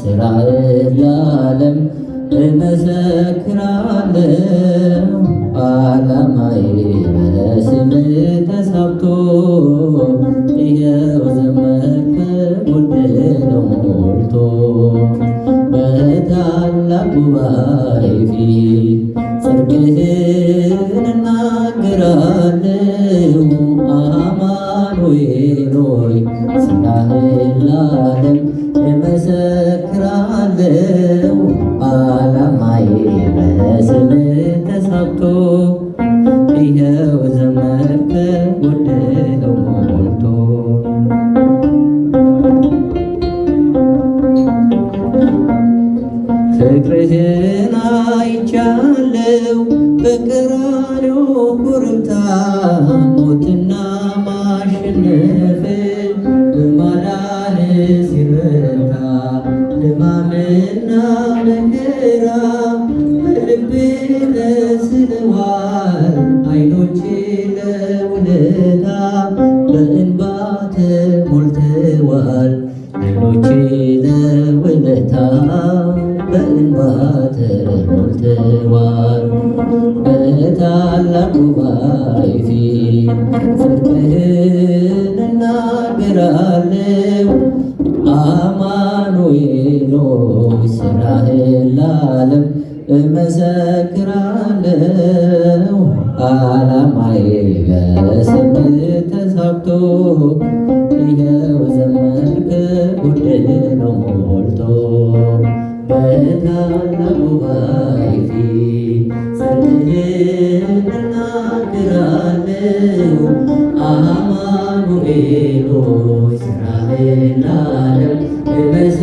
ስራህን ለዓለም እመሰክራለሁ። ዓላማዬ በስምህ ተሳክቶ ይኸው ዘመንህ ውድ ነው ሞልቶ በታላቅ ጉባኤ ፊት እመሰክራለሁ አላማዬ በስም ተሳክቶ ይኸው ዘመርተ ጎደለው ሞልቶ ፍቅርህን አይቻለው በቀራንዮ ኮረብታ በሰላምና መከራ በልቤ ተስለዋል አይኖቼ ለውለታ በእንባ ተሞልተዋል አይኖቼ ለውለታ በእንባ ተሞልተዋል በታላቁ ጉባኤ ፊት ፍቅርህን እናገራለሁ አማኑኤል እስራኤል ለዓለም እመሰክራለሁ አላማዬ በሰንበት ተሳክቶ ይኸው ዘመርክ ጉድል ነው ሞልቶ በታላቁ ጉባኤ ፊት እናገራለሁ አማኑኤል እስራኤል ለዓለም እመሰ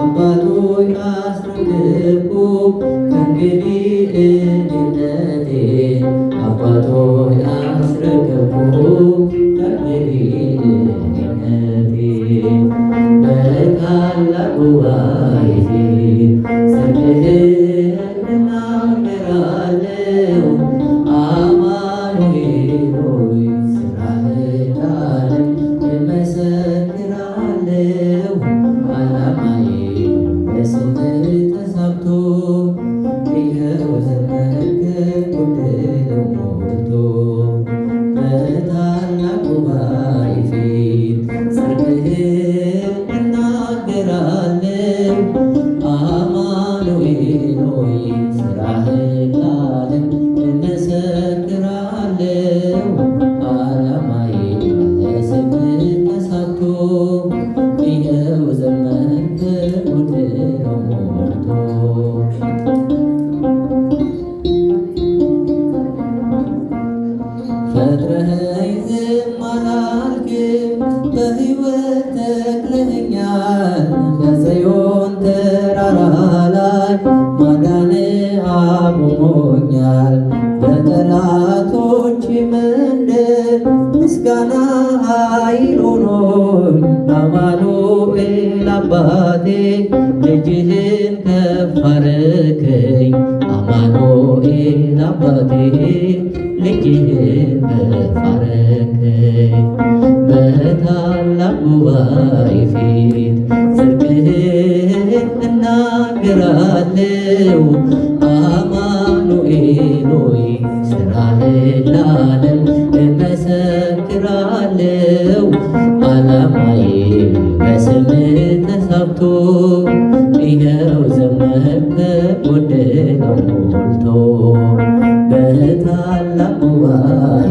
አባቶች አስረክብኩ ከእንግዲህ አቁሞኛል። በጠላቶች ምንድር ምስጋና ኃይል ሆኖኝ አማኑኤል አባቴ ልጅህን ከፍ አረከኝ። አማኑኤል አባቴ ልጅህን ከፍ በታላቅ ጉባኤ ፊት ጽድቅህን እናገራለሁ አማኑኤል ሆይ ስራህን ለዓለም እመሰክራለው። አላማዬ በስምህ ተሳክቶ ይኸው ዘመንከው ወደደው ሞልቶ በታላቅ ጉባኤ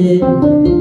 うん。